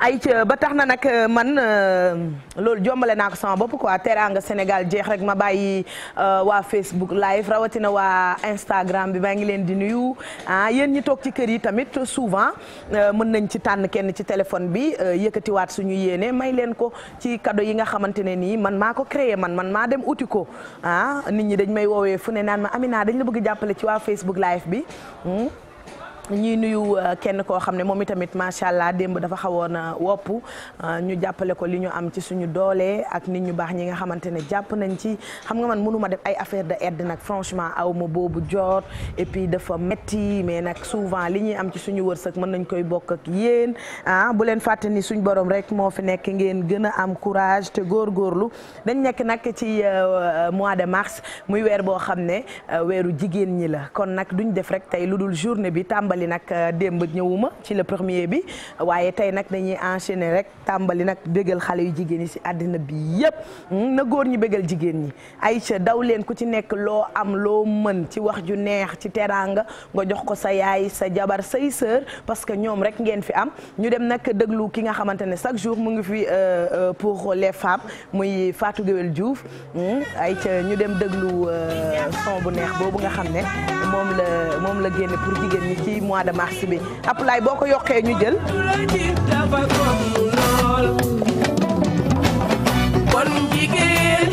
ay ba tax na nag euh, man euh, loolu jombale naa ko sama bopp quoi teraanga Sénégal jeex rek ma bàyyi euh, waa Facebook live rawatina waa Instagram bi maa ngi leen di nuyu ah yéen ñi toog ci kër yi tamit souvent mën nañ ci tànn kenn ci téléphone bi yëkkatiwaat suñu yéenee may leen ko ci cadeau yi nga xamante ne nii man maa ko créer man man maa dem uti ko ah nit ñi dañ may woowee fu ne naan ma Amina dañ la bëgg jàppale ci waa Facebook live bi. Hmm? ñuy nuyu euh, kenn koo xam ne moom itamit macha allah démb dafa xawoon euh, wopp euh, ñu jàppale ko li ñu am ci suñu doolee ak nit ñu baax ñi nga xamante ne jàpp nañ ci xam nga man mënu ma def ay affaire de aide nag franchement aw ma boobu jot et puis dafa metti mais nag souvent li ñuy am ci suñu wërsëg mën nañ koy bokk ak yéen ah bu leen fàtte suñ suñu borom rek moo fi nekk ngeen gën a am courage te góor góorlu dañ nekk nag ci mois de mars muy weer boo xam ne weeru jigéen ñi la kon nag duñ def rek tey lu dul journée bi tàmbali tàmbali nag euh, démb ñëwuma ci le premier bi waaye tey nag dañuy enchaîner rek tàmbali nag bégal xale yu jigéen yi si àddina bi yëpp hmm, na góor ñi bégal jigéen ñi Aïcha daw leen ku ci nekk loo am loo mën ci wax ju neex ci teraanga nga jox ko sa yaay sa jabar say sœur parce que ñoom rek ngeen fi am ñu dem nag déglu ki nga xamante ne chaque jour mu ngi fi euh, euh, pour les femmes muy Fatou Guewel Diouf hmm, Aïcha ñu dem déglu son bu neex boobu nga xam ne moom la moom la génne mois de mars bi Abdoulaye boo ko yokkee ñu jël kon jigéen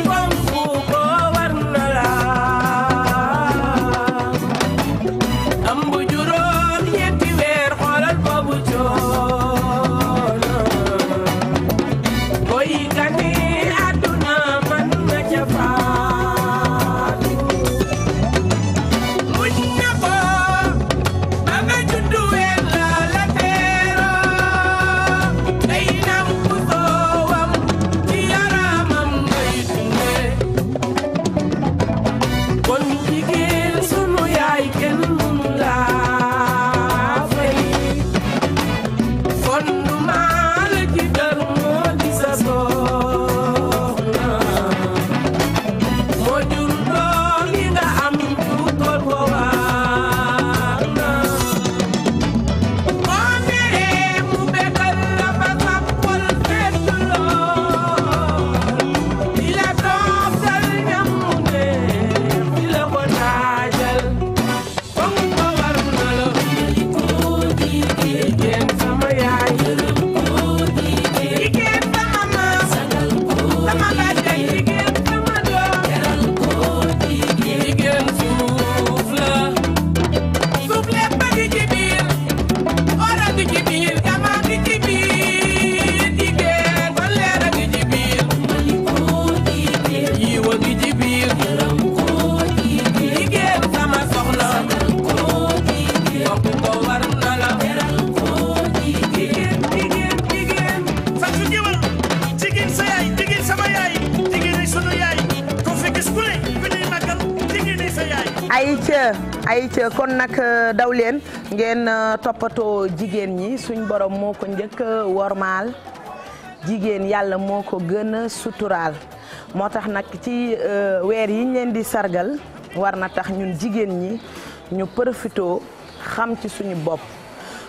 kon nag euh, daw leen ngeen euh, toppatoo jigéen ñi suñ borom moo ko njëkk wormaal jigéen yàlla moo ko gën a suturaal moo tax nag ci euh, weer yiñ leen di sargal war na tax ñun jigéen ñi ñu profitoo xam ci suñu bopp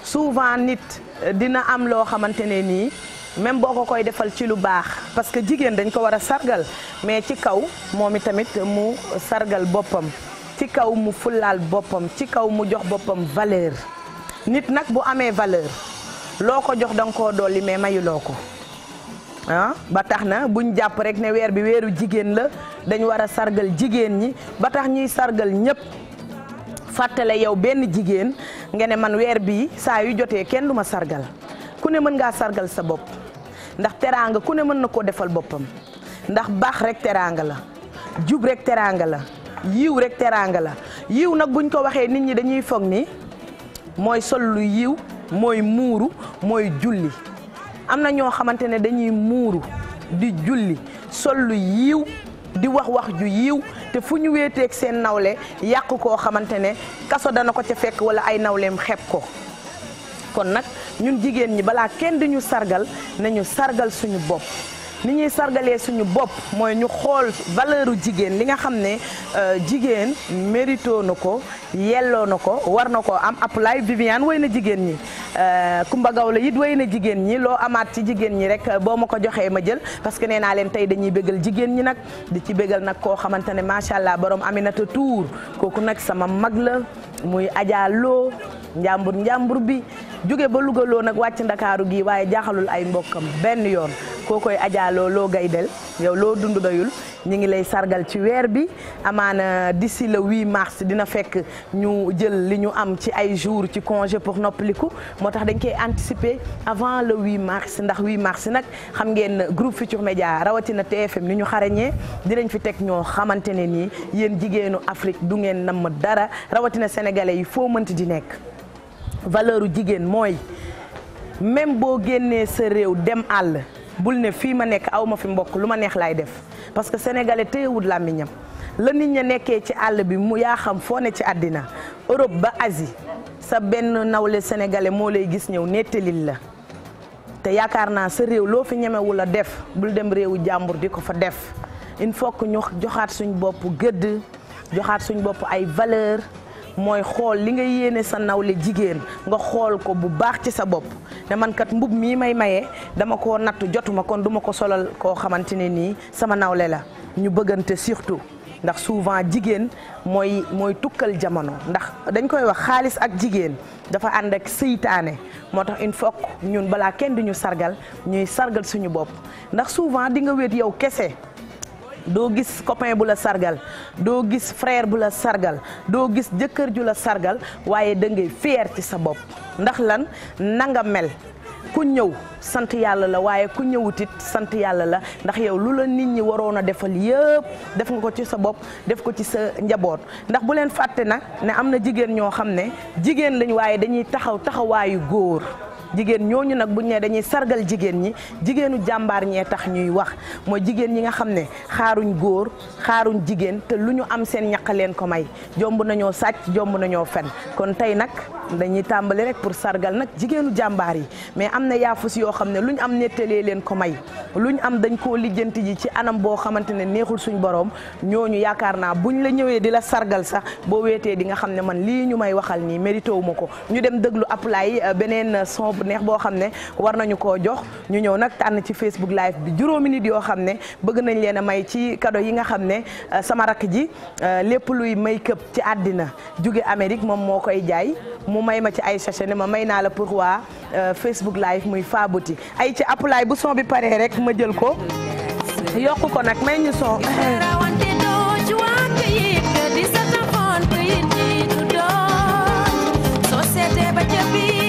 souvent nit dina am loo xamante ne nii même boo ko koy defal ci lu baax parce que jigéen dañ ko war a sargal mais ci kaw moom i tamit mu sargal boppam ci kaw mu fulaal boppam ci kaw mu jox boppam valeur nit nag bu amee valeur loo ko jox da nga koo dolli mais mayuloo ko ah ba tax na buñ jàpp rek ne weer bi weeru jigéen la dañ war a sargal jigéen ñi ba tax ñuy sargal ñépp fàttale yow benn jigéen nga ne man weer bi saa yu jotee kenn du ma sargal ku ne mën ngaa sargal sa bopp ndax teraanga ku ne mën na koo defal boppam ndax baax rek teraanga la jub rek teraanga la yiw rek teraanga la yiw nag buñ ko waxee nit ñi dañuy foog ni mooy sol lu yiw mooy muuru mooy julli am na ñoo xamante ne dañuy muuru di julli sol lu yiw di wax wax ju yiw te fu ñu weeteeg seen nawle yàq koo xamante ne kaso dana ko ca fekk wala ay nawleem xeeb ko kon nag ñun jigéen ñi balaa kenn di ñu sargal nañu sargal suñu bopp ni ñuy sargalee suñu bopp mooy ñu xool valeuru jigéen li nga xam ne euh, jigéen mérito na ko yelloo na ko war na ko am apply Viviane woy na jigéen ñi Kumba euh, Gawlo it woy na jigéen ñi loo amaat ci jigéen ñi rek boo ma ko joxee ma jël parce que nee naa leen tey dañuy bëggal jigéen ñi nag di ci bégal nag koo xamante ne macha allah borom Aminata Tour kooku nag sama mag la muy Adja Lo njàmbur njàmbur bi jóge ba Louga nag wàcc ndakaaru gi waaye jaaxalul ay mbokkam benn yoon koo koy ajaaloo loo gay del yow loo dund doyul ñu ngi lay sargal ci weer bi amaana si le 8 mars dina fekk ñu jël li ñu am ci ay jours ci congé pour noppaliku moo tax dañ koy anticiper avant le 8 mars ndax 8 mars nag xam ngeen groupe Futurs Médias rawatina TFM ni ñu xarañee dinañ fi teg ñoo xamante ne nii yéen jigéenu Afrique du ngeen namm dara rawatina sénégalais yi foo mënti di nekk. valeur u jigéen mooy même boo génnee sa réew dem àll bul ne fii ma nekk aw ma fi mbokk lu ma neex laay def parce que sénégalais téyewut làmmiñam la nit ña nekkee ci àll bi mu yaa xam foo ne ci àddina Europe ba Asie sa benn nawle sénégalais moo lay gis ñëw nettalil la te yaakaar naa sa réew loo fi ñemewul a def bul dem réewu jàmbur di ko fa def il faut ñu joxaat suñ bopp gëdd joxaat suñ bopp ay valeur mooy xool li nga yéene sa nawle jigéen nga xool ko bu baax ci sa bopp ne man kat mbub mii may maye dama ko natt jotuma kon duma ko solal koo xamante ne nii sama nawle la ñu bëggante surtout ndax souvent jigéen mooy mooy tukkal jamono ndax dañ koy wax xaalis ak jigéen dafa ànd ak seytaane moo tax il faut ñun balaa kenn di ñu sargal ñuy sargal suñu bopp ndax souvent di nga wéet yow kese doo gis copain bu la sargal doo gis frère bu la sargal doo gis jëkkër ju la sargal waaye da ngay ci sa bopp ndax lan nanga mel ku ñëw sant yàlla la waaye ku ñëwutit sant yàlla la ndax yow lu la nit ñi waroon a defal yëpp def nga ko ci sa bopp def ko ci sa njaboot ndax bu leen fàtte nag ne am na jigéen ñoo xam ne jigéen lañu waaye dañuy taxaw taxawaayu góor jigéen ñooñu nag buñ ne dañuy sargal jigéen ñi jigéenu jàmbaar ñee tax ñuy wax mooy jigéen ñi nga xam ne xaaruñ góor xaaruñ jigéen te lu ñu am seen ñaq leen ko may jomb nañoo sàcc jomb nañoo fen kon tey nag dañuy tàmbali rek pour sargal nag jigéenu jàmbaar yi mais am na yaafus yoo xam ne lu ñu am nettalee leen ko may lu ñu am dañ koo lijjanti ji ci anam boo xamante ne neexul suñ borom ñooñu yaakaar naa bu ñu la ñëwee di la sargal sax boo weetee di nga xam ne man lii ñu may waxal nii mérité wu ko ñu dem déglu appelay euh, beneen son bu neex boo xam ne war nañu ko jox ñu ñëw nag tànn ci Facebook live bi juróomi nit yoo xam ne bëgg nañ leen a may ci cadeau yi nga xam ne euh, sama rakk ji euh, lépp luy may up ci àddina jóge Amérique moom moo koy jaay mu may ma ci ay sachet ne ma may naa la pour waa euh, Facebook live muy Fa Beauty ay ci appulaay bu son bi paree rek ma jël ko yokk ko nag may ñu son be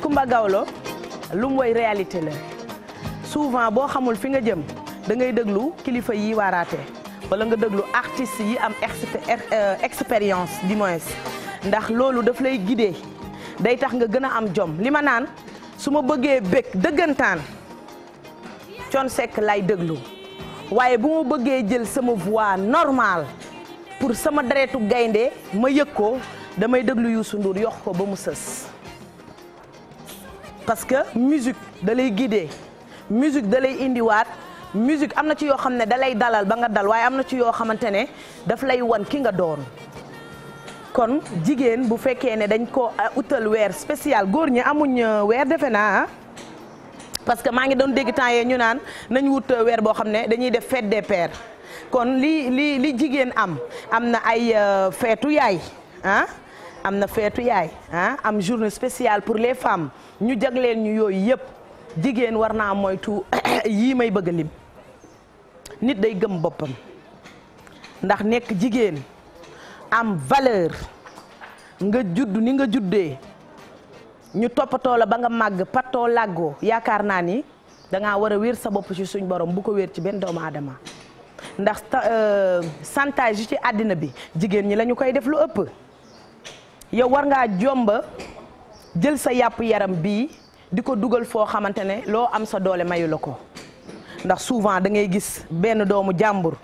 Kumba euh, Gawlo lu mu woy réalité la souvent boo xamul fi nga jëm da ngay déglu kilifa yi waaraate wala nga déglu artist yi am euh, expérience du moins ndax loolu daf lay guider day tax nga gën a am jom li ma naan su ma bëggee bëgg dëggantaan Thione Seck lay déglu waaye bu ma bëggee jël sama voix normal pour sama deretu gaynde ma yëg ko damay déglu Youssou Ndour yox ko ba mu sës parce que musique da lay guider musique da indiwaat musique am na ci yoo xam ne dalay dalal ba nga dal waaye am na ci yoo xamante ne daf lay wan ki nga doon kon jigéen bu fekkee ne dañ ko uh, utal weer spécial góor ñi amuñ uh, weer defe naa ah. parce que maa ngi doon dégg temps yee ñu naan nañ wut uh, weer boo xam ne dañuy def fête des pères kon li li li jigéen am am na ay feetu yaay ah am na feetu yaay ah am journée spéciale pour les femmes ñu jagleel ñu yooyu yëpp jigéen war naa moytu yii may bëgg a lim nit day gëm boppam ndax nekk jigéen am valeur nga judd ni nga juddee ñu toppatoo la ba nga màgg pattoo làggoo yaakaar naa ni dangaa war a wér sa bopp ci suñ borom bu ko wér ci benn doomu aadama ndax santage euh, ci àddina bi jigéen ñi lañu koy def lu ëpp yow war ngaa jomba jël sa yàpp yaram bii di ko dugal foo xamante ne loo am sa doole mayu la ko ndax souvent da ngay gis benn doomu jàmbur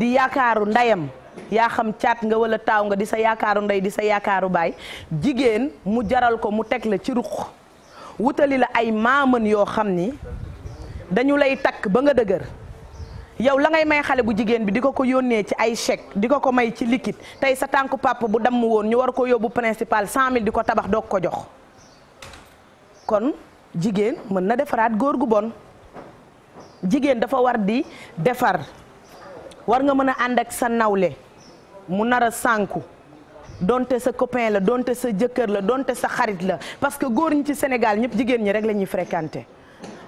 di yaakaaru ndeyam yaa xam caat nga walla taaw nga di sa yaakaaru ndey di sa yaakaaru baay jigéen mu jaral ko mu teg la ci ruq wutali la ay maaman yoo xam ni dañu lay takk ba nga dëgër yow la ngay may xale bu jigéen bi di ko ko yónnee ci ay chèque di ko ko may ci liquide tey sa tànk papa bu damm woon ñu war ko yóbbu principal cent mille di ko tabax doog ko jox kon jigéen mën na defaraat góor gu bon jigéen dafa war di defar war nga mën a ànd ak sa nawle mu nar a sànku donte sa copain la donte sa jëkkër la donte sa xarit la parce que góor ñi ci Sénégal ñëpp jigéen ñi rek lañuy ñuy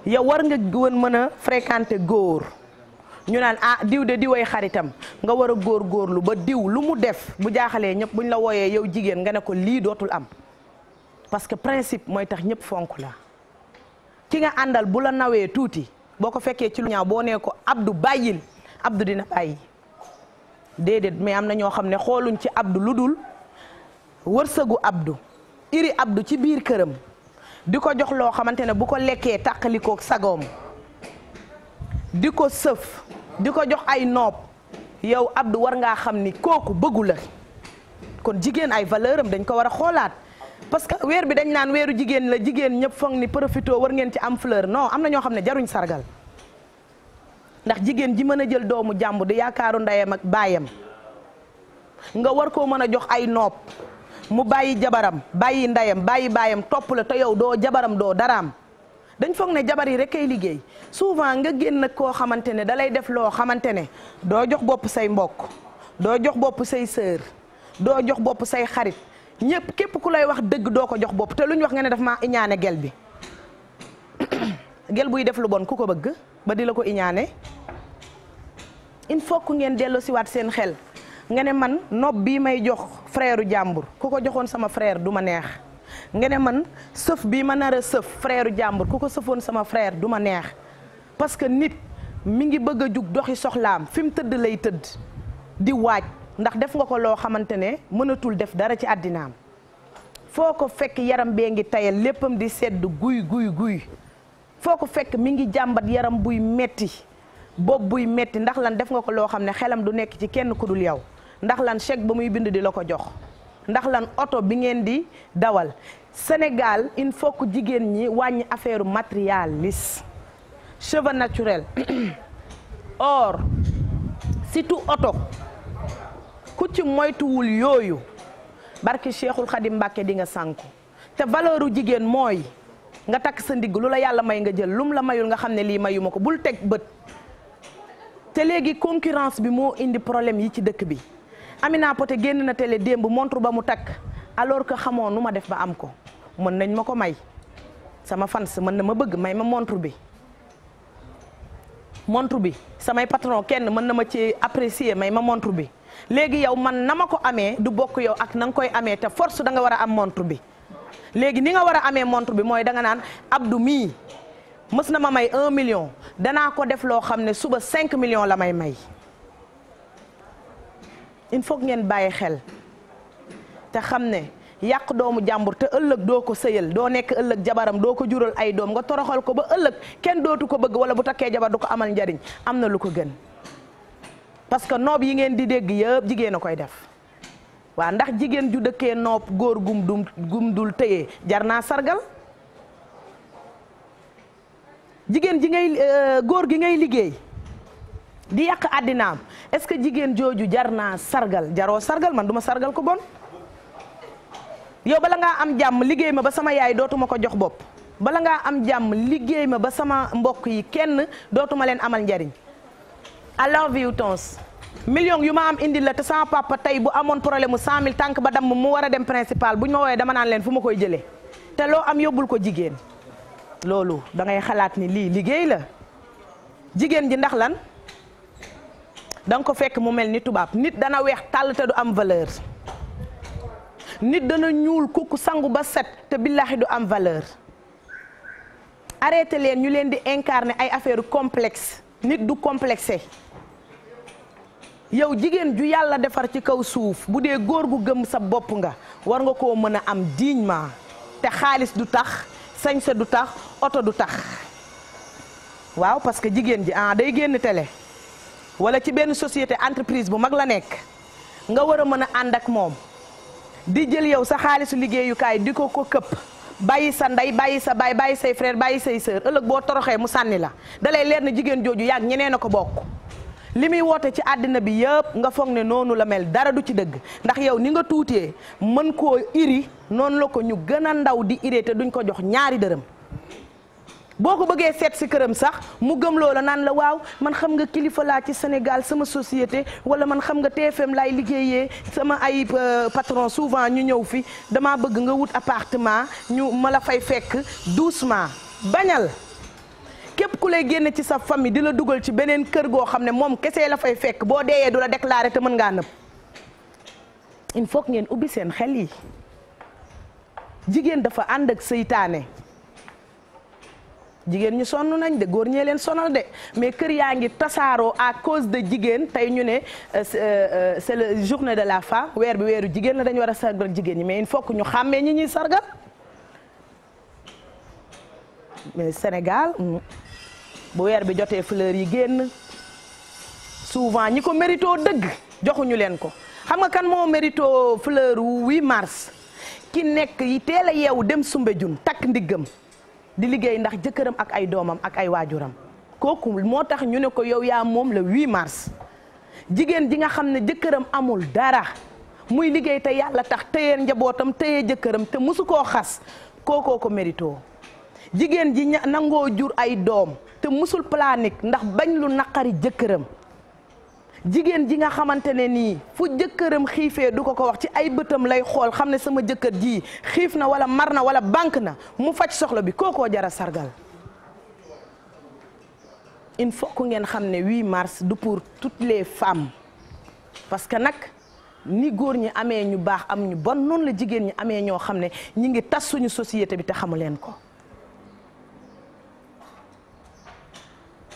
yow war nga woon mën a fréquenté góor ñu naan ah diw de diw xaritam nga war a góorgóorlu ba diw lu mu def bu jaaxalee ñëpp buñ la wooyee yow jigéen nga ne ko lii dootul am parce que principe mooy tax ñëpp fonk la ki nga àndal bu la nawee tuuti boo ko fekkee ci lu ñaaw boo nee ko Abdou bàyyil Abdou dina bàyyi déedéet mais am na ñoo xam ne xooluñ ci Abdou lu dul wërsëgu Abdou iri Abdou ci biir këram di ko jox loo xamante ne bu ko lekkee tàqalikook sagoom di ko sëf di ko jox ay noob yow Abdou war ngaa xam ni kooku bëggu la kon jigéen ay valeur dañ ko war a xoolaat parce que weer bi dañ naan weeru jigéen la jigéen ñëpp foog ni profito war ngeen ci am fleur noo am na ñoo xam ne jaruñ sargal ndax jigéen ji mën a jël doomu jàmb di yaakaaru ndeyam ak baayam nga war koo mën a jox ay noob mu bàyyi jabaram bàyyi ndeyam bàyyi baayam topp la te yow doo jabaram doo daraam dañ foog ne jabar yi rek kay liggéey souvent nga génn koo xamante ne dalay def loo xamante ne doo jox bopp say mbokk doo jox bopp say sœur doo jox bopp say xarit ñëpp képp ku lay wax dëgg doo ko jox bopp te lu ñu wax nga ne daf maa iñaane gel bi gel buy def lu bon ku ko bëgg ba di la ko iñaane il faut que ngeen delloosiwaat seen xel nga ne man nopp bii may jox frère jàmbur ku ko joxoon sama frère du ma neex nga ne man sëf bi ma nara sëf freeru jàmbur ku ko sëfoon sama frère du ma neex parce que nit mi ngi bëgg a jug doxi soxlaam fi mu tëdd lay tëdd di waaj ndax def nga ko loo xamante ne mënatul def dara ci àddinaam foo ko fekk yaram bee ngi tayal léppam di sedd guy guy guy foo ko fekk mi ngi jàmbat yaram buy metti bopp buy metti ndax lan def nga ko loo xam ne xelam du nekk ci kenn ku dul yow ndax lan chèque ba muy bind di la ko jox ndax lan oto bi ngeen di dawal Sénégal il faut que jigéen ñi wàññi affaire matérialiste cheveux naturel or surtout oto ku ci moytuwul yooyu barki Cheikhul Khadim Mbàkke di nga sànku te valeur jigéen mooy nga takk sa ndigg lu la yàlla may nga jël lum la mayul nga xam ne lii mayuma ko bul teg bët te léegi concurrence bi moo indi problème yi ci dëkk bi Amina Poté génn na télé démb montre ba mu takk alors que xamoon nu ma def ba am ko mën nañ ma ko may sama fans mën na ma bëgg may ma montre bi montre bi samay patron kenn mën na ma ci apprécier may ma montre bi léegi yow man na ma ko amee du bokk yow ak na nga koy amee te force da nga war a am montre bi léegi ni nga war a amee montre bi mooy da nga naan Abdou mii mës na ma may un million danaa ko def loo xam ne suba cinq million la may may il foog ngeen bàyyi xel te xam ne yàq doomu jàmbur te ëllëg doo ko sëyal doo nekk ëllëg jabaram doo ko jural ay doom nga toroxal ko ba ëllëg kenn dootu ko bëgg wala bu takkee jabar du ko amal njariñ am na lu ko gën parce que noob yi ngeen di dégg yëpp jigéen a koy def waa ndax jigéen ju dëkkee noob góor gum gum dul tëyee jar naa sargal jigéen ji ngay euh, góor gi ngay liggéey di yàq àddinaam est-ce que jigéen jooju jar naa sargal jaro sargal man duma ma sargal ko bon yow bala ngaa am jàmm liggéey ma ba sama yaay dootuma ko jox bopp bala ngaa am jàmm liggéey ma ba sama mbokk yi kenn dootuma leen amal njariñ I love you tons million yu ma am indi la te sama papa tey bu amoon problème mu 100000 tànk ba damm mu war a dem principal bu ñu ma woowee dama naan leen fu ma koy jëlee te loo am yóbbul ko jigéen loolu da ngay xalaat ni lii liggéey la jigéen ji ndax lan. da nga ko fekk mu mel ni tubaab nit dana weex tàll te du am valeur nit dana ñuul kukk sangu ba set te billaahi du am valeur arrêté leen ñu leen di incarner ay affaire complexe nit du complexé yow jigéen ju yàlla defar ci kaw suuf bu dee góor gu gëm sa bopp nga war nga koo mën a am dignement te xaalis du tax sañse du tax oto du tax waaw parce que jigéen ji ah day génn télé wala ci benn société entreprise bu mag la nekk nga war a mën a ànd ak moom di jël yow sa xaalisu liggéeyukaay di ko ko këpp bàyyi sa ndey bàyyi sa baay bàyyi say frère bàyyi say sœur ëllëg boo toroxee mu sànni la dalay leer na jigéen jooju yàgg ñeneen a ko bokk li muy woote ci àddina bi yëpp nga foog ne noonu la mel dara du ci dëgg ndax yow ni nga tuutee mën koo iri noonu la ko ñu gën a ndaw di iree te duñ ko jox ñaari dërëm boo ko bëggee seet si këram sax mu gëm loola naan la waaw man xam nga kilifa laa ci Sénégal sama société wala man xam nga TFM laay liggéeyee sama ay euh, patron souvent ñu ñëw fi damaa bëgg nga wut appartement ñu ma la fay fekk doucement bañal képp ku lay génne ci sa famille di la dugal ci beneen kër goo xam ne moom kese la fay fekk boo deeyee du la déclaré te mën ngaa nëb il faut ngeen ubbi seen xel yi jigéen dafa ànd ak seytaane jigéen ñi sonn nañ de góor ñee leen sonal de mais kër yaa ngi tasaaroo à cause de jigéen tey ñu ne euh, euh, euh, c'est le journée de la femme weer bi weeru jigéen la dañu war a sargal jigéen ñi mais il faut ñu xàmmee ñi ñuy sargal mais Sénégal mm, bu weer bi jotee fleur yi génn souvent ñi ko mérito dëgg joxuñu leen ko xam nga kan moo mérito fleur wu 8 mars ki nekk yi teel a yeewu dem Soumbédioune takk ndiggam di liggéey ndax jëkkëram ak ay doomam ak ay waajuram kooku moo tax ñu ne ko yow yaa moom la 8 mars jigéen ji nga xam ne jëkkëram amul dara muy liggéey te yàlla tax téye njabootam téye jëkkëram te mosu koo xas kookoo ko mérito jigéen ji nangoo jur ay doom te musul planique ndax bañ lu naqari jëkkëram jigéen ji nga xamante ne nii fu jëkkëram xiifee du ko ko wax ci ay bëtam lay xool xam ne sama jëkkër ji xiif na wala mar na wala banque na mu faj soxla bi kookoo jara sargal il faut que ngeen xam ne 8 mars du pour tout les femmes parce que nag ni góor ñi amee ñu baax am ñu bon noonu la jigéen ñi amee ñoo xam ne ñu ngi tas suñu société bi te xamu leen ko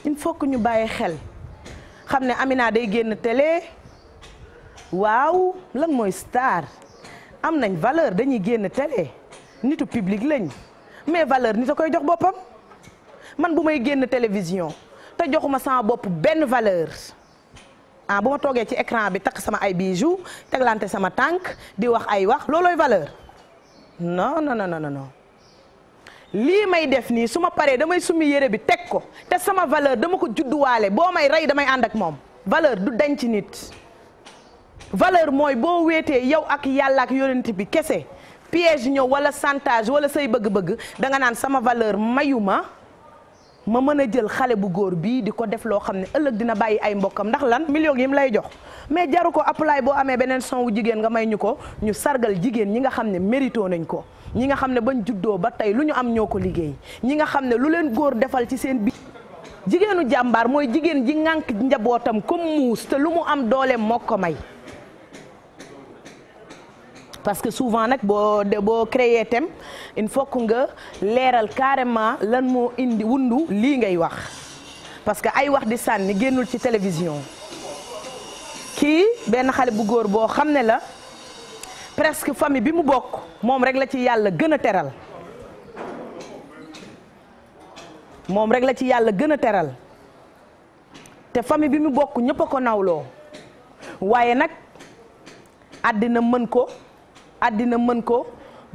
il faut ñu bàyyi xel xam ne Amina day génn télé waaw lan mooy star am nañ valeur dañuy génn télé nitu public lañ mais valeur nit a koy jox boppam man bu may génn télévision te joxuma sama bopp benn valeur ah bu ma toogee ci écran bi takk sama ay bijoux teglante sama tànk di wax ay wax loolooy valeur non non non non non. lii may def nii su ma paree damay summi yére bi teg ko te sama valeur dama ko judduwaale boo may rey damay ànd ak moom valeur du denc nit valeur mooy boo wéetee yow ak yàlla ak yonent bi kese piège ñëw wala chantage wala say bëgg-bëgg danga naan sama valeur mayu ma ma mën a jël xale bu góor bii di ko def loo xam ne ëllëg dina bàyyi ay mbokkam ndax lan million yi mu lay jox mais jaru ko apply boo amee beneen son wu jigéen nga may ñu ko ñu sargal jigéen ñi nga xam ne mérito nañ ko ñi nga xam ne bañ juddoo ba tey lu ñu am ñoo ko liggéey ñi nga xam ne lu leen góor defal ci seen biir jigéenu jàmbaar mooy jigéen ji ŋànk njabootam comme muus te lu mu am dooleem moo ko may parce que souvent nag boo de boo créer thème il faut que nga leeral carrément lan moo indi wundu lii ngay wax parce que ay wax di sànni génnul ci télévision kii benn xale bu góor boo xam ne la presque famille bi mu bokk moom rek la ci yàlla gën a teral moom rek la ci yàlla gën a teral te famille bi mu bokk ñëpp ko nawloo waaye nag àddina mën ko àddina mën ko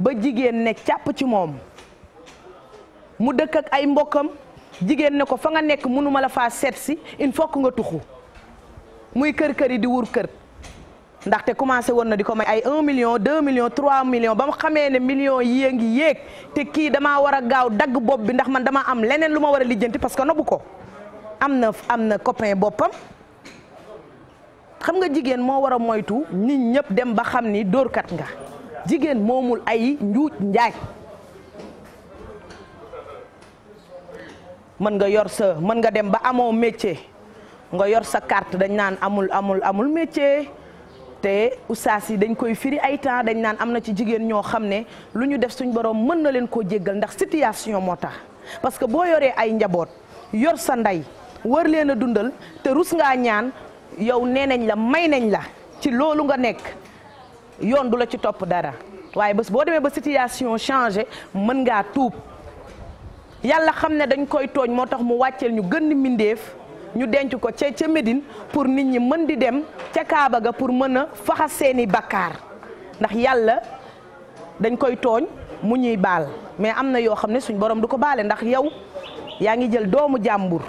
ba jigéen ne càpp ci moom mu dëkk ak ay mbokkam jigéen ne ko fa nga nekk mënuma la faa seet si il faut que nga tuxu muy kër kër yi di wur kër ndaxte commencé woon na di ko may million 2 million 3 million ba mu xamee ne million yi ngi yéeg te kii damaa war a gaaw dagg bopp bi ndax man dama am leneen lu ma war a lijjanti parce que nobu ko am na am na copain boppam xam nga jigéen moo war a moytu nit ñëpp dem ba xam ni dóorkat nga jigéen moomul ay njuuj njaay mën nga yor sa mën nga dem ba amoo métier nga yor sa carte dañ naan amul amul amul métier te oustaz yi dañ koy firi ay temps dañ naan am na ci jigéen ñoo xam ne lu ñu def suñ borom mën na leen koo jéggal ndax situation moo tax parce que boo yoree ay njaboot yor sa ndey war leen a dundal te rus ngaa ñaan yow nee nañ la may nañ la ci loolu nga nekk yoon du la ci topp dara waaye bés boo demee ba situation changé mën ngaa tuub yàlla xam ne dañ koy tooñ moo tax mu wàcceel ñu gën mbindéef ñu denc ko ca ca Médine pour nit ñi mën di dem ca Kaaba ga pour mën a faxas seeni bakkaar ndax yàlla dañ koy tooñ mu ñuy baal mais am na yoo xam ne suñ borom du ko baale ndax yow yaa ngi jël doomu jàmbur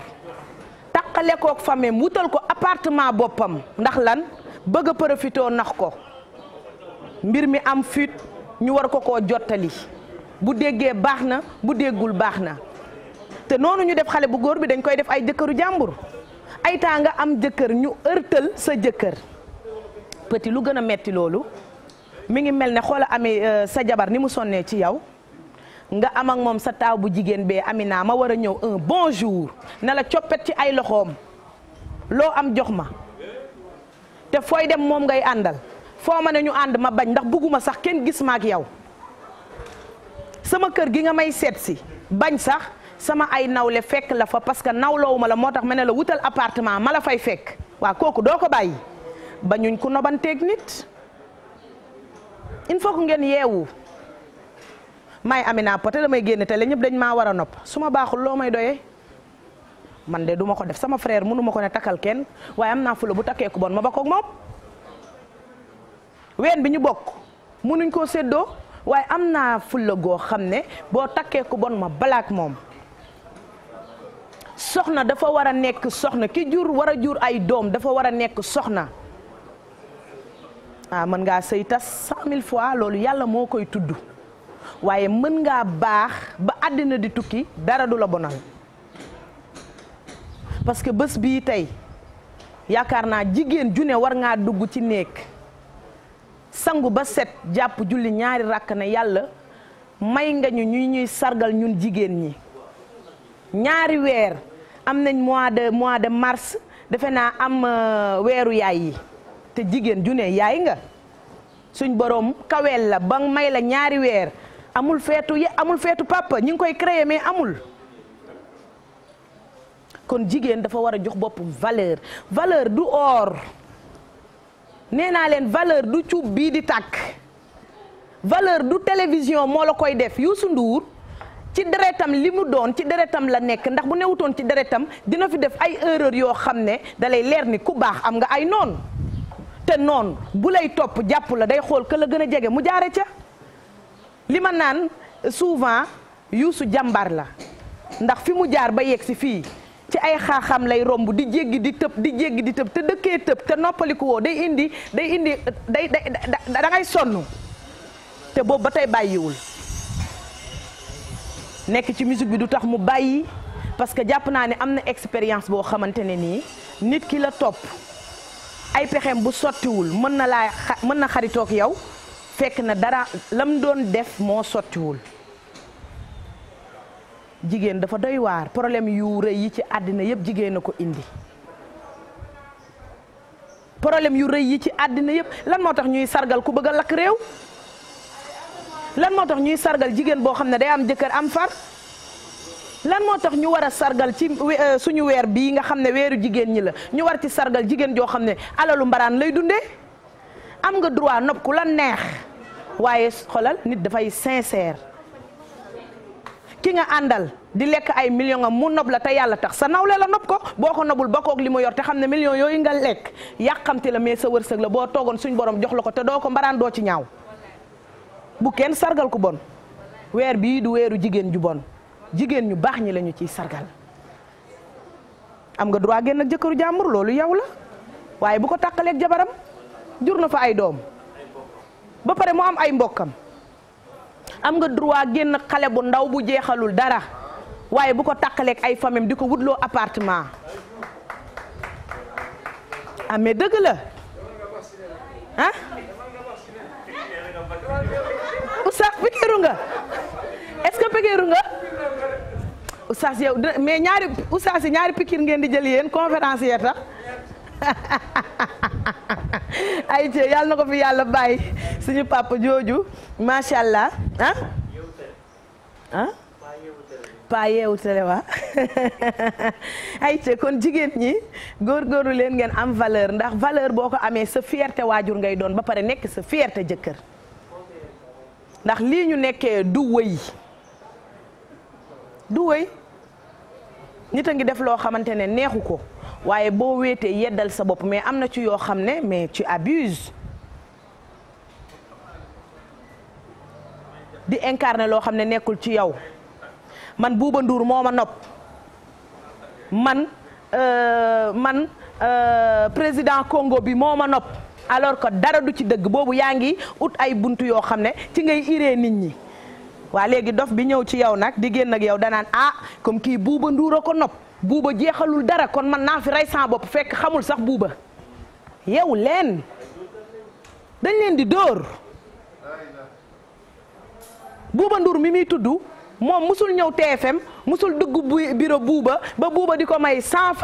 taqale kook famem wutal ko appartement boppam ndax lan bëgg a profité nax ko mbir mi am fit ñu war ko koo jottali bu déggee baax na bu déggul baax na te noonu ñu def xale bu góor bi dañ koy def ay jëkkëru jàmbur ay temps nga am jëkkër ñu ërtal sa jëkkër petit lu gën a metti loolu mi ngi mel ne xool amee euh, sa jabar ni mu sonnee ci yow nga am ak moom sa taaw bu jigéen bee naa ma war a ñëw un bonjour na la coppet ci ay loxoom loo am jox ma te fooy dem moom ngay àndal foo ma ne ñu ànd ma bañ ndax bugguma sax kenn gis ma ak yow sama kër gi nga may seet si bañ sax sama ay nawle fekk la fa parce que nawlowuma la moo tax ma ne la wutal appartement ma la fay fekk waa kooku doo ko bàyyi ba ñuñ ko nobanteeg nit il faut ngeen yeewu may naa Poté damay génn télé ñëpp dañ maa war a nopp su ma baaxul loo may doyee man de duma ko def sama frère mënu ko ne takkal kenn waaye am naa fula bu takkee ku bon ma ba ko moom ween bi ñu bokk mënuñ koo séddoo waaye am naa fulla goo xam ne boo takkee ku bon ma balaak moom soxna dafa war a nekk soxna ki jur war a jur ay doom dafa war a nekk soxna ah, mën ngaa sëy tas cent mille fois loolu yàlla moo koy tudd waaye mën ngaa baax ba àddina di tukki dara du la bonal parce que bés bii tey yaakaar naa jigéen ju ne war ngaa dugg ci néeg sangu ba set jàpp julli ñaari ràkk na yàlla may nga ñu ñuy ñuy sargal ñun jigéen ñi ñaari weer am nañ mois de mois de mars defe naa am euh, weeru yaay yi te jigéen ju ne yaay nga suñ borom kaweel la ba may la ñaari weer amul feetu ye amul feetu papa ñu ngi koy créer mais amul kon jigéen dafa war a jox bopp valeur valeur du or nee naa leen valeur du cuub bii di tàkk valeur du télévision moo la koy def Youssou Ndour ci deretam li mu doon ci deretam la nekk ndax bu newutoon ci deretam dina fi def ay erreur yoo xam ne dalay leer ni ku baax am nga ay noon te noon bu lay topp jàpp la day xool ka la gën a jege mu jaare ca li ma naan souvent yuusu jàmbaar la ndax fi mu jaar ba yegg si fii ci ay xaaxaam lay romb di jéggi di tëb di jéggi di tëb te dëkkee tëb te noppaliku woo day indi day indi day da ngay sonn te boobu ba tey bàyyiwul nekk ci musique bi du tax mu bàyyi parce que jàpp naa ne am na expérience boo xamante ne nii nit ki la topp ay pexeem bu sottiwul mën na laa mën na xaritook yow fekk na dara lam doon def moo sottiwul jigéen dafa doy waar problème yu rëy yi ci àddina yëpp jigéen ko indi poroblème yu rëy yi ci àddina yëpp lan moo tax ñuy sargal ku bëgg a lakk réew lan moo tax ñuy sargal jigéen boo xam ne day am jëkkër am far lan moo tax ñu war a sargal ci euh, suñu weer bii nga xam ne weeru jigéen ñi la ñu war ci sargal jigéen joo xam ne alalu mbaraan lay dundee am nga droit nopp ku la neex waaye xolal nit dafay sincère ki nga àndal di lekk ay million am mu nob la te yàlla tax sa nawle la nopp ko boo ko nobul bokkoog li mu yor te xam ne millions yooyu nga lekk yàqamti la mais sa wërsëg la boo toogoon suñu borom jox la ko te doo ko mbaraan doo ci ñaaw bu kenn sargal ku bon weer bii du weeru jigéen ju bon jigéen ñu baax ñi lañu ñu ciy sargal am nga droit génn jëkkëru jàmbur loolu yow la waaye bu ko tàqaleeg jabaram jur na fa ay doom ba pare mu am ay mbokkam am nga droit génn xale bu ndaw bu jeexalul dara waaye bu ko tàqaleeg ay famem di ko wutloo appartement ah mais dëgg la ah oustaz pekeeru nga est-ce que pekeeru nga oustaz yow mais ñaari oustaz yi ñaari pikir ngeen di jël yéen conférence ya tax ay yàlla na ko fi yàlla bàyyi suñu papa jooju macha allah ah ah paa yeewu télé waa ay kon jigéen ñi góorgóorlu leen ngeen am valeur ndax valeur boo ko amee sa fierté waajur ngay doon ba pare nekk sa fierté jëkkër ndax lii ñu nekkee du wëy du wëy nit a ngi def loo xamante ne neexu ko waaye boo wéetee yeddal sa bopp mais am na ci yoo xam ne mais tu abuses di incarner loo xam ne nekkul ci yow man Bouba Ndour moo ma nopp man euh, man euh, président Congo bi moo ma nopp alors que dara du ci dëgg boobu yaa ngi ut ay bunt yoo xam ne ci ngay iree nit ñi waa léegi dof bi ñëw ci yow nag di génn ak yow danaan ah comme kii buuba nduura ko nopp buuba jeexalul dara kon man naa fi rey sans bopp fekk xamul sax buuba yow leen dañ leen di dóor buuba nduur mi muy tudd moom musul ñëw TFM musul dugg bu bureau buuba ba buuba di ko may cent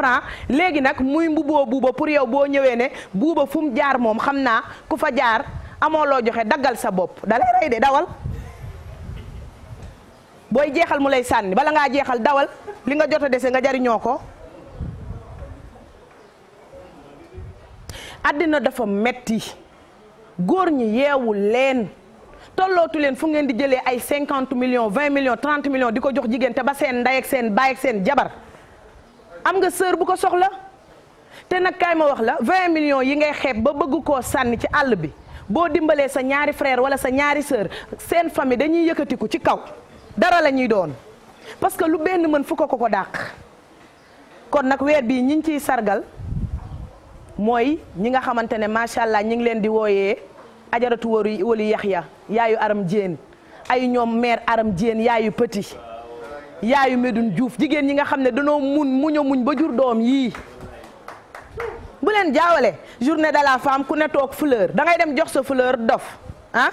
léegi nag muy mbuboo buuba pour yow boo ñëwee ne buuba fu jaar moom xam naa ku fa jaar amoo loo joxe daggal sa bopp da rey de dawal booy jeexal mu lay sànni bala ngaa jeexal dawal li nga jot a dese nga jariñoo ko àddina dafa metti góor ñi yeewu leen tollootu leen fu ngeen di jëlee ay 50 millions 20 millions 30 millions di ko jox jigéen te ba seen ndey ak seen baay seen jabar am nga sœur bu ko soxla te nag kaay ma wax la 20 millions yi ngay xeeb ba bëgg koo sànni ci àll bi boo dimbalee sa ñaari frère wala sa ñaari sœur seen famille dañuy yëkkatiku ci kaw dara la ñuy doon parce que lu benn mën fukk ko ko dàq kon nag weer bii ñi ñu ciy sargal mooy ñi nga xamante ne macha allah ñi ngi leen di wooyee. ajaratu waru walu yaxya yaayu aram jéen ay ñoom mère aram jéen yaayu petit yaayu Medoune Diouf jigéen ñi nga xam ne danoo mun muñ muñ ba jur doom yii bu leen jaawale journée de la femme ku ne toog fleur dangay dem jox sa fleur dof ah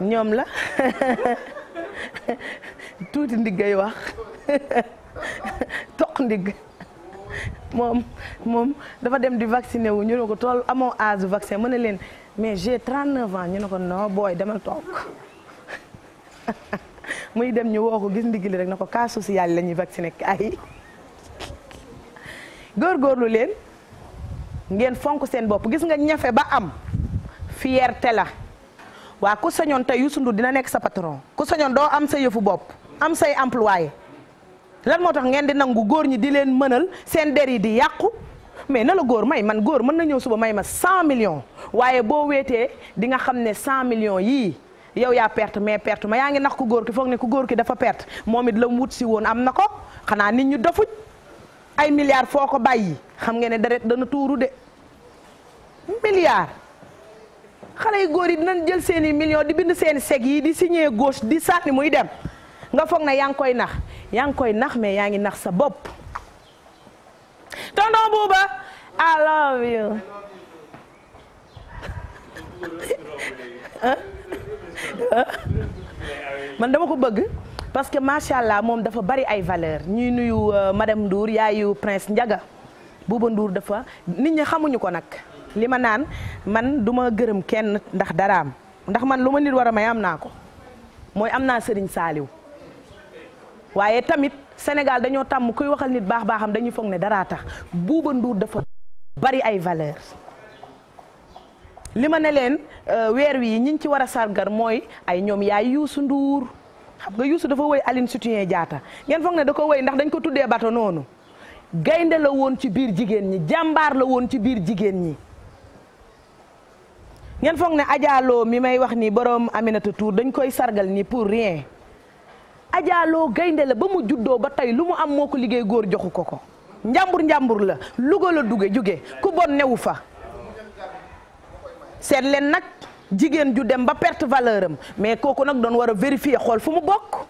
ñoom la tuuti ndigg ay wax toq ndigg moom moom dafa dem di vacciné wu ñu ne ko tool amoo âge vaccin mën na leen mais g j'ai 39 ans ñu ne ko non booy demal toog muy dem ñu woo ko gis ndigili rek na ko cas social yi la ñuy vacciné kaay góorgóorlu leen ngeen fonk seen bopp gis nga ñafe ba am fierté la waa ku sañoon tey yu sundu dina nekk sa patron ku sañoon doo am sa yëfu bopp am say employé lan moo tax ngeen di nangu góor ñi di leen mënal seen der yi di yàqu mais na la góor may man góor mën na ñëw suba may ma 100 millions waaye boo weetee di nga xam ne cent millions yii yow yaa perte mais perte ma yaa ngi nax ku góor ki foog ne ku góor ki dafa perte moom it la mu wut si woon am na ko xanaa nit ñu dofuj ay milliards foo ko bàyyi xam nga ne deret dana tuuru de milliards xale yu góor yi dinañ jël seeni million di bind seeni seg yi di signé gauche di sànni muy dem. nga foog na yaa ngi koy nax yaa ngi koy nax mais yaa ngi nax sa bopp tonton Bouba I love you man dama ko bëgg parce que macha allah moom dafa bari ay valeur ñuy nuyu euh, madame Ndour yaayu prince njaga Bouba nduur dafa nit ñi xamuñu ko nag li ma naan man duma gërëm kenn ndax daraam ndax man lu ma nit war a may am naa ko mooy am naa Serigne Saliou waaye tamit Sénégal dañoo tàmm kuy waxal nit baax baaxam dañuy foog ne daraa tax Bouba Ndour dafa bari ay valeur li ma ne leen euh, weer wi ñi ci war a sargar mooy ay ñoom yaay Youssou nduur xam nga yuusu dafa woy alin Sitoé jaata ngeen foog ne da ko woy ndax dañ ko tuddee bata noonu gaynde la woon ci biir jigéen ñi jàmbaar la woon ci biir jigéen ñi ngeen foog ne ajaaloo mi may wax nii borom Aminata Tour dañ koy sargal nii pour rien ajaaloo gaynde la ba mu juddoo ba tey lu mu am moo ko liggéey góor joxu ko ko njàmbur njàmbur la Louga la duge jóge ku bon newu fa seet leen nag jigéen ju dem ba perte valeur am mais kooku nag doon war a vérifier xool fu mu bokk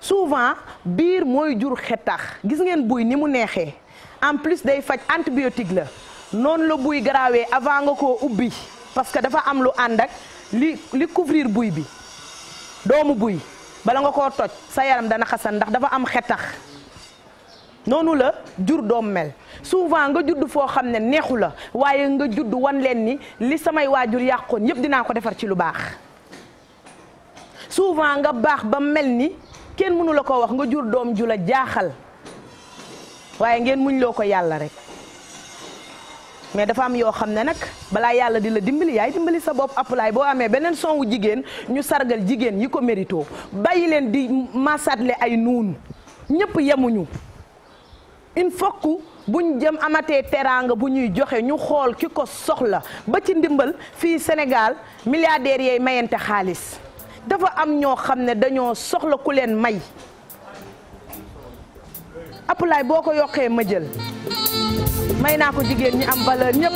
souvent biir mooy jur xetax gis ngeen buy ni mu neexee en plus day faj antibiotique la noon la buy garaawee avant nga koo ubbi parce que dafa am lu ànd ak li li couvrir buy bi doomu buy bala nga koo toj sa yaram dana xasan ndax dafa am xetax noonu la jur doom mel souvent nga judd foo xam ne neexu la waaye nga judd wan leen ni li samay waajur yàqoon yëpp dinaa ko defar ci lu baax souvent nga baax ba mel ni kenn mënu la ko wax nga jur doom jula jaaxal waaye ngeen muñ loo ko yàlla rek mais dafa am yoo xam ne nag balaa yàlla di la dimbali yaay dimbali sa bopp appalaay boo amee beneen songu jigéen ñu sargal jigéen yi ko mérito bàyyi leen di masatle ay nuun ñépp yemuñu il faut que buñ jëm amatee teraanga bu ñuy joxe ñu xool ki ko soxla ba ci ndimbal fii Sénégal milliardaires yeey mayante xaalis dafa am ñoo xam ne dañoo soxla ku leen may appalaay boo ko yokkee ma jël may naa ko jigéen ñi am valeur ñëpp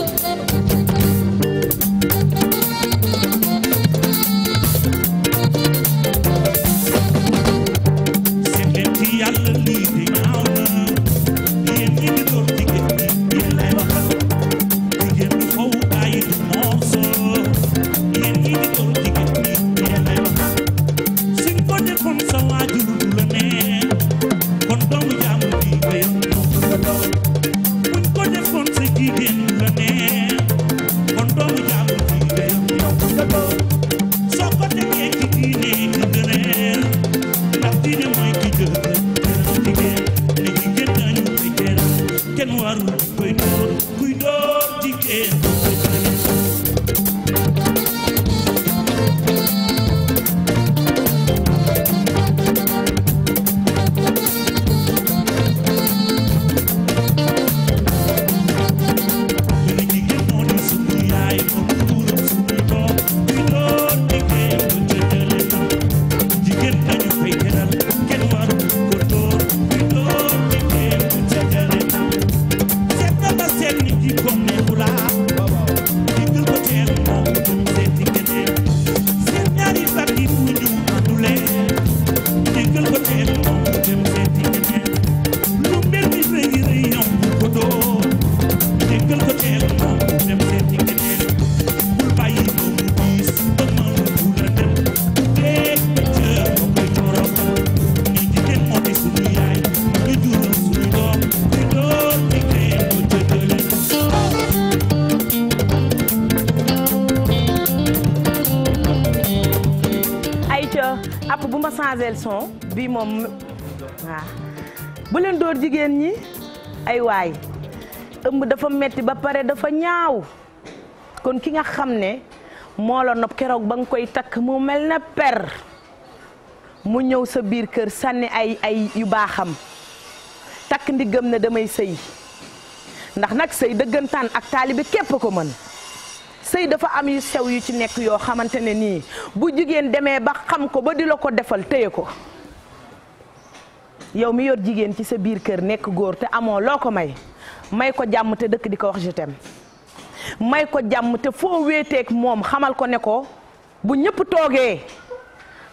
moom waaw dóor jigéen ñi ay waay ëmb dafa metti ba pare dafa ñaaw kon ki nga xam ne moo la nopp keroog ba nga koy takk mu mel na per mu ñëw sa biir kër sànni ay ay yu baaxam takk ndiggam ne damay sëy ndax nag sëy dëggantaan ak taalibe képp ko mën sëy dafa am yu sew yu ci nekk yoo xamante ne nii bu jigéen demee ba xam ko ba di la ko defal téye ko yow mi yor jigéen ci sa biir kër nekk góor te amoo loo ko may may ko jàmm te dëkk di ko wax je may ko jàmm te foo wéeteeg moom xamal ko ne ko bu ñëpp toogee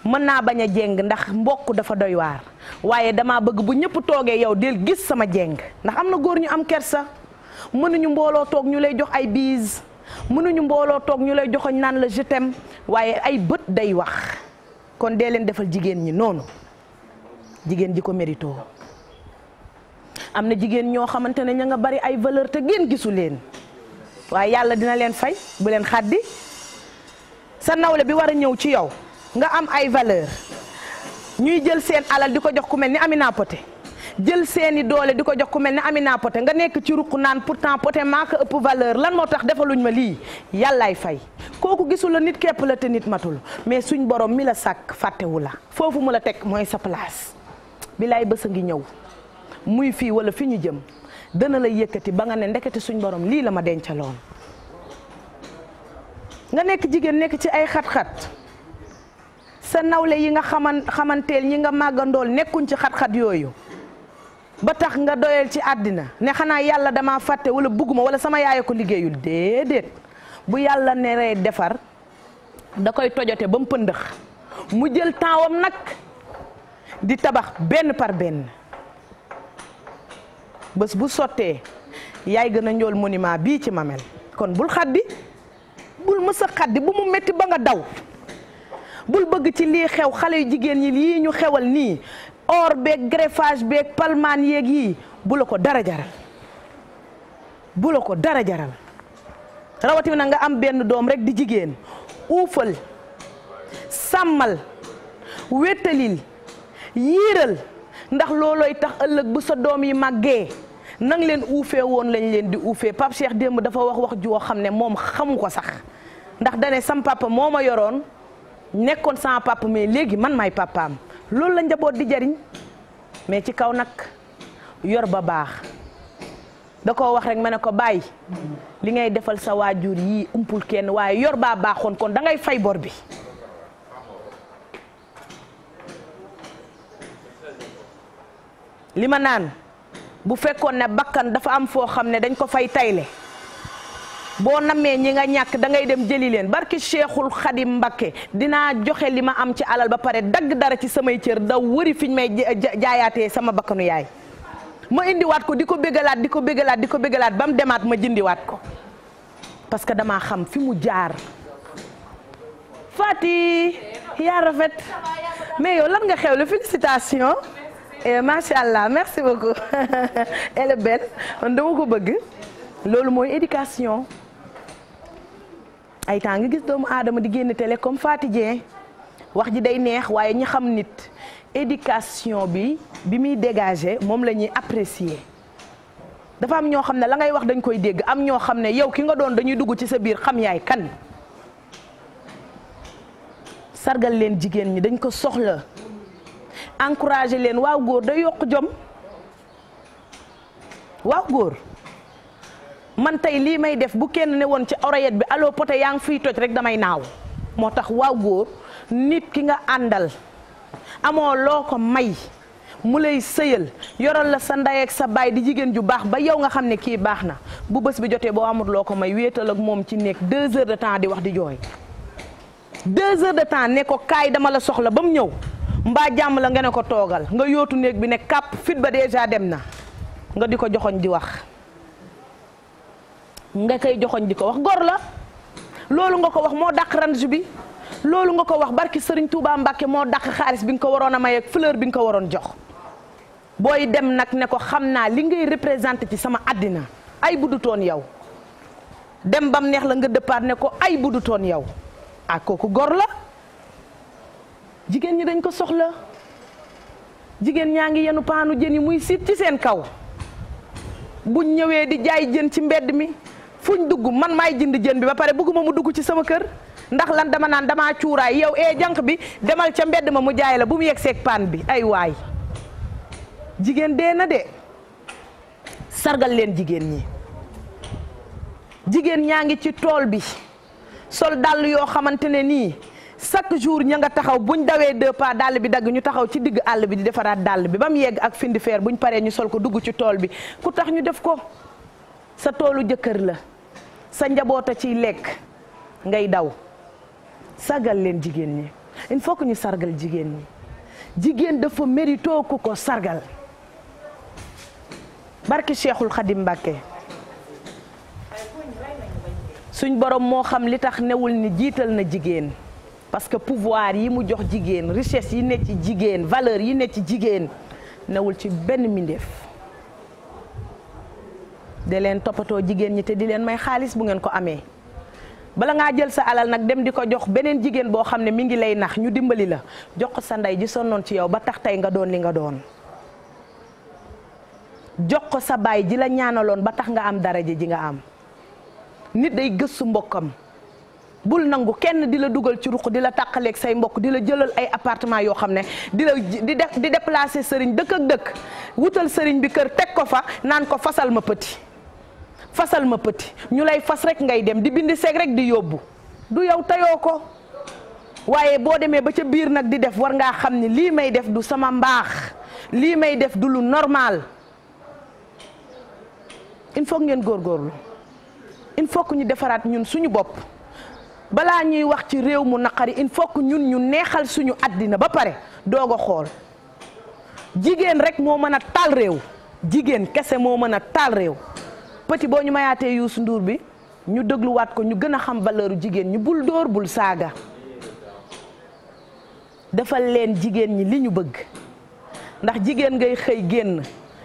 mën naa bañ a jéng ndax mbokk dafa doywaar waaye dama bëgg bu ñëpp toogee yow del gis sama jéng ndax am na góor ñu am kersa mënuñu mbooloo toog ñu lay jox ay biis mënuñu mbooloo toog ñu lay joxoñ naan la je waaye ay bët day wax kon dee leen defal jigéen ñi noonu jigéen ji ko mérito am na jigéen ñoo xamante ne ña nga bari ay valeur te ngeen gisu leen waaye yàlla dina leen fay bu leen xaddi sa nawle bi war a ñëw ci yow nga am ay valeur ñuy jël seen alal di ko jox ku mel ni Amina Poté jël seeni doole di ko jox ku mel ne Amina Poté nga nekk ci ruq naan pourtant Poté maa ko ëpp valeur lan moo tax defaluñ ma lii yàllaay fay kooku gisu la nit képp la te nit matul mais suñ borom mi la sàkk fàttewu la foofu mu la teg mooy sa place bi laay bës a ngi ñëw muy fii wala fi ñu jëm dana la yëkkati ba nga ne ndekete suñ borom lii la ma dencaloon nga nekk jigéen nekk ci ay xat-xat sa nawle yi nga xaman xamanteel ñi nga màggandool nekkuñ ci xat-xat yooyu ba tax nga doyal ci àddina ne xanaa yàlla dama fàtte wala bugguma wala sama yaaya ko liggéeyul déedéet bu yàlla ne rey defar da koy tojote ba mu pëndëx mu jël taawam nag di tabax benn par benn bés bu sottee yaay gën a njool monument bii ci Mamel kon bul xaddi bul mës xaddi bu mu metti ba nga daw bul bëgg ci lii xew xale yu jigéen ñi lii ñu xewal nii or beeg greffage beeg palmaan yeeg yi bula ko dara jaral bula ko dara jaral rawatina na nga am benn doom rek di jigéen uufal sàmmal wéttalil yiiral ndax loolooy tax ëllëg bu sa doom yi màggee nang leen uufee woon lañ leen di uufee Pape Cheikh démb dafa wax wax joo xam ne moom xamu ko sax ndax dane sam papa moo ma yoroon nekkoon sama papa mais léegi man maay papaam loolu la njaboot di jariñ mais ci kaw nag yor ba baax da ko wax rek ma ne ko bàyyi li ngay defal sa waajur yi umpul kenn waaye yor baa baaxoon kon da ngay fay bor bi li ma naan bu fekkoon ne bakkan dafa am foo xam ne dañ ko fay tayle boo namee ñi nga ñàkk da ngay dem jëli leen barki cheikhul xadim mbakke dinaa joxe li ma am ci alal ba pare dagg dara ci samay cër da wëri fiñ may jaayaatee sama bakkanu yaay ma indiwaat ko di ko béggalaat di ko béggalaat di ko béggalaat ba mu demaat ma jëndiwaat ko parce que damaa xam fi mu jaar Fati yaa rafet mais yow lan nga xewle félicitation Eh, macha allah merci beaucoup elle est dama ko bëgg loolu mooy éducation ay temps nga gis doomu aadama di génn télé comme wax ji day neex waaye ñi xam nit éducation bi bi muy dégager moom lañuy ñuy apprécier dafa am ñoo xam ne la ngay wax dañ koy dégg am ñoo xam ne yow ki nga doon dañuy dugg ci sa biir xam yaay kan sargal leen jigéen ñi dañ ko soxla. encouragé leen waaw góor da yokk jom waaw góor man tey lii may def bu kenn ne woon ci oreillette bi allo poté yaa ngi fiy toj rek damay naaw moo tax waaw góor nit ki nga àndal amoon loo ko may mu lay sëyal yoral la sa ndey ak sa baay di jigéen ju baax ba yow nga xam ne kii baax na bu bës bi jotee boo amul loo ko may wéetal ak moom ci nekk deux heures de temps di wax di jooy deux heures de temps ne ko kaay dama la soxla ba mu ñëw mbaa jàmm la nga ne ko toogal nga yootu néeg bi ne kàpp fit ba déjà dem na nga di ko joxoñ di wax nga koy joxoñ di ko wax gor la loolu nga ko wax moo dàq range bi loolu nga ko wax barki sëriñ Touba Mbacke moo dàq xaalis bi nga ko waroon a may ak fleur bi nga ko waroon jox booy dem nag ne ko xam naa li ngay représenté ci sama àddina ay buddutoon yow dem bam neex la nga dëppaat ne ko ay buddutoon yow ah kooku gor la jigéen ñi dañ ko soxla jigéen ñaa ngi yenu paanu jën yi muy siit ci seen kaw buñ ñëwee di jaay jën ci mbedd mi fuñ dugg man maay jënd jën bi ba pare bëgguma mu dugg ci sama kër ndax lan dama naan damaa cuuraay yow ee eh, janq bi demal ca mbedd ma mu jaay la bu mu yegg seeg paan bi ay waay jigéen dee na de sargal leen jigéen ñi jigéen ñaa ngi ci tool bi sol dàll yoo xamante ne nii chaque jour ña nga taxaw bu ñu dawee deux pas dàll bi dagg ñu taxaw ci digg àll bi di defaraat dàll bi ba mu yegg ak findi feer buñ paree ñu sol ko dugg ci tool bi ku tax ñu def ko sa toolu jëkkër la sa njaboota ci lekk ngay daw sargal leen jigéen ñi il faut ñu sargal jigéen ñi jigéen dafa mérito ku ko sargal barki Cheikhul Khadim Mbàkke suñ borom moo xam li tax newul ni jiital na jigéen parce que pouvoir yi mu jox jigéen richesse yi ne ci jigéen valeur yi ne ci jigéen newul ci benn mbindeef de leen toppatoo jigéen ñi te di leen may xaalis bu ngeen ko amee bala ngaa jël sa alal nag dem di ko jox beneen jigéen boo xam ne mi ngi lay nax ñu dimbali la jox ko sa ndey ji sonnoon ci yow ba tax tey nga doon li nga doon jox ko sa baay ji la ñaanaloon ba tax nga am daraja ji nga am nit day gëstu mbokkam bul nangu kenn di la dugal ci ruq di la tàqaleeg say mbokk di la jëlal ay appartement yoo xam ne di la di def di déplacer sëriñ dëkk ak dëkk wutal sëriñ bi kër teg ko fa naan ko fasal ma pëti fasal ma petit ñu lay fas rek ngay dem di bind seeg rek di yóbbu du yow teyoo ko waaye boo demee ba ca biir nag di def war ngaa xam ni lii may def du sama mbaax lii may def du lu normal il faut ngeen góorgóorlu il faut que ñu defaraat ñun suñu bopp balaa ñuy wax ci réew mu naqari il faut que ñun ñu neexal suñu àddina ba pare doog a xool jigéen rek moo mën a taal réew jigéen kese moo mën a taal réew petit boo ñu mayaatee Youssou Ndour bi ñu dégluwaat ko ñu gën a xam valeuru jigéen ñi bul dóor bul saaga defal leen jigéen ñi li ñu bëgg ndax jigéen ngay xëy génn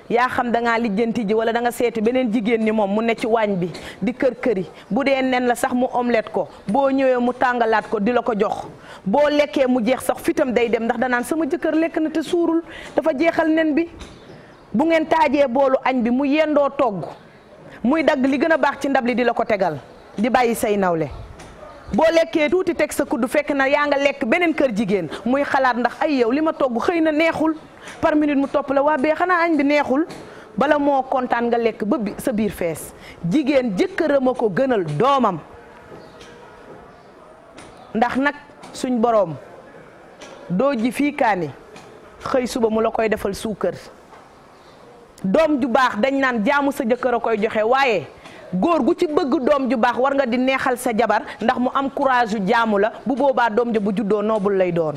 yaa xam da ngaa lijjanti ji wala danga seeti beneen jigéen ni moom mu ne ci waañ bi di kër këri bu dee nen la sax mu omelette ko boo ñëwee mu tàngalaat ko di la ko jox boo lekkee mu jeex sax fitam day dem ndax danaan sama jëkkër lekk na te suurul dafa jeexal nen bi bu ngeen taajee boolu añ bi mu yendoo togg muy dagg li gën a baax ci ndab li di la ko tegal di bàyyi say nawle boo lekkee tuuti teg sa kuddu fekk na yaa nga lekk beneen kër jigéen muy xalaat ndax ay yow li ma togg xëy na neexul par mu topp la waa bee bi neexul bala moo kontaan nga lekk ba sa biir fees jigéen jëkkëram a ko gënal doomam ndax nag suñ boroom doo ji fii kaani xëy suba mu la koy defal suukar doom ju baax dañ naan jaamu sa jëkkër a koy joxe waaye góor gu ci bëgg doom ju baax war nga di neexal sa jabar ndax mu am courage yu jaamu la bu boobaa doom ja bu juddoo noobul lay doon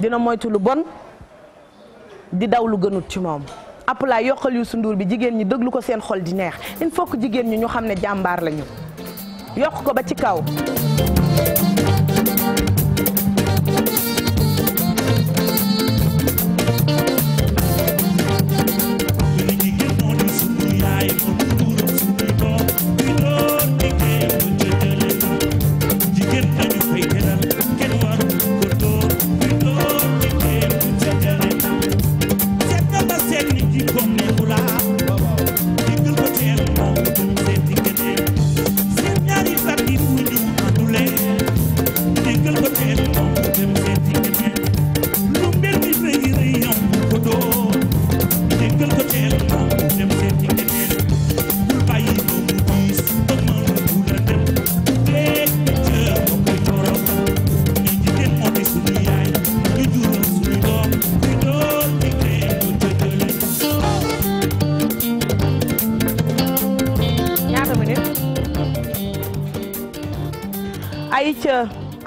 dina moytu lu bon di daw lu gënut ci moom appalaa yokkal yu sunduur bi jigéen ñi déglu ko seen xol di neex il faut jigéen ñi ñu xam ne jàmbaar lañu yokk ko ba ci kaw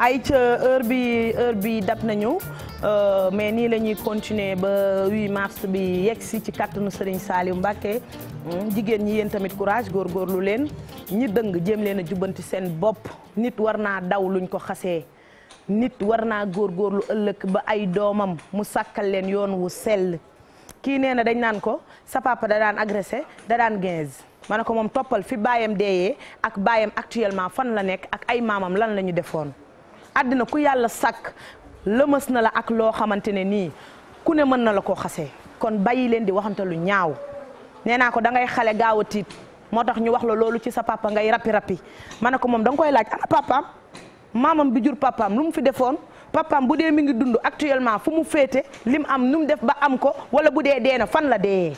ay ca heure bi heure bi dab nañu euh, mais nii la ñuy continuer ba 8 mars bi yegg si ci kàttanu Serigne Saliou Mbacké hmm, jigéen ñi yéen tamit góor góorlu leen ñi dëng jéem leen a jubbanti seen bopp nit war naa daw luñ ko xasee nit war naa góorlu ëllëg ba ay doomam mu sàkkal leen yoon wu sell kii nee na dañ naan ko sa papa da daan agressé da daan gaze ma ne ko moom toppal fi baayam deeyee ak baayam actuellement fan la nekk ak ay maamam lan la ñu defoon àddina ku yàlla sàkk lëmës na la ak loo xamante ne nii ku ne mën na la koo xasee kon bàyyi leen di waxante lu ñaaw nee naa ko da ngay xale gaaw a tiit moo tax ñu wax la loolu ci sa papa ngay rapi rapi ma ne ko moom danga koy laaj ana papaam maamam bi jur papaam lu mu fi defoon papaam bu dee mi ngi dund actuellement fu mu féete lim am nu mu def ba am ko wala bu dee dee na fan la dee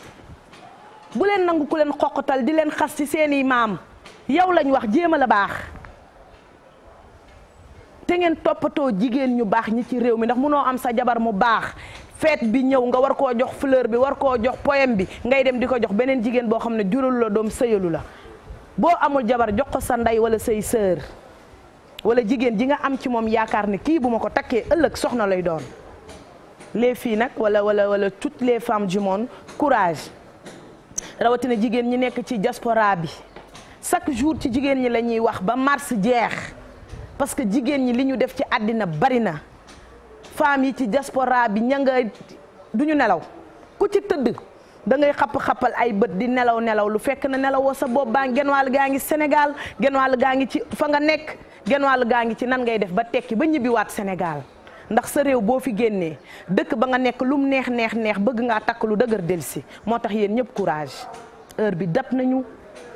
bu leen nangu ku leen xoqatal di leen xas ci seeni maam yow lañ wax jéem a la baax. te ngeen toppatoo jigéen ñu baax ñi ci réew mi ndax munoo am sa jabar mu baax fête bi ñëw nga war koo jox fleur bi war koo jox poème bi ngay dem di ko jox beneen jigéen boo xam ne juralu la doom sëyalu la boo amul jabar jox ko sa ndey wala say sœur wala jigéen ji nga am ci moom yaakaar ne kii bu ma ko takkee ëllëg soxna lay doon les filles nag wala wala wala toutes les femmes du monde courage rawatina jigéen ñi nekk ci diaspora bi chaque jour ci jigéen ñi la ñuy wax ba mars jeex parce que jigéen ñi li ñu def ci àddina bari na femmes yi ci diaspora bi ña nga nelaw ku ci tëdd dangay ngay xapp-xappal ay bët di nelaw nelaw lu fekk na nelawoo sa bopp baa genn wàll gaa ngi Sénégal genn wàll gaa ngi ci fa nga nekk genn wàll gaa ngi ci nan ngay def ba tekki ba ñibbiwaat senegal ndax sa réew boo fi génnee dëkk ba nga nekk lum neex neex neex bëgg ngaa takk lu dëgër delsi moo tax yéen ñëpp courage heure bi dab nañu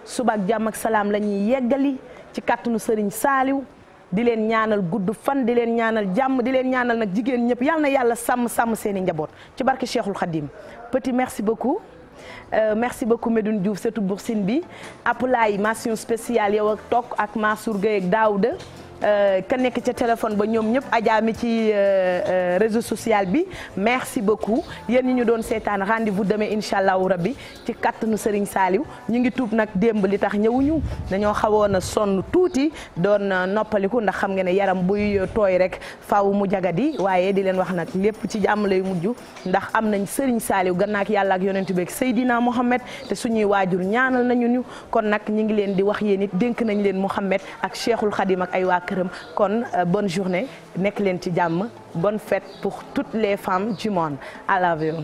suba jàmm ak salaam lañuy yeggali ci kàttanu sëriñ saaliw di leen ñaanal gudd fan di leen ñaanal jàmm di leen ñaanal nag jigéen ñëpp yal na yàlla sàmm sàmm seeni njaboot ci barke Cheikhul Khadim petit merci beaucoup. Euh, merci beaucoup Medoune Diouf surtout Boursine bi Apulaay mention spéciale yow ak Tok ak Mansour Gueye ak Daouda Euh, ka nekk ca téléphone ba ñoom ñëpp ajaami ci euh, euh, réseau social bi merci beaucoup yéen ñi ñu doon seetaan rendez-vous demain incha allahu rabbi ci kattanu Serigne saaliw ñu ngi tuub nag démb li tax ñëwuñu dañoo xawoon a sonn tuuti doon noppaliku ndax xam nga ne yaram buy tooy rek faaw mu di waaye di leen wax nag lépp ci jàmm lay mujj ndax am nañ Serigne Saliou gannaaw ak yàlla ak yonent bi ak Seydina Mohamed te suñuy waajur ñaanal nañu ñu kon nag ñu ngi leen di wax yéen it dénk nañ leen Mohamed ak Cheikhul Khadim ak ay waa këram kon euh, bonne journée nekk leen ci jàmm bonne fête pour toutes les femmes du monde I love you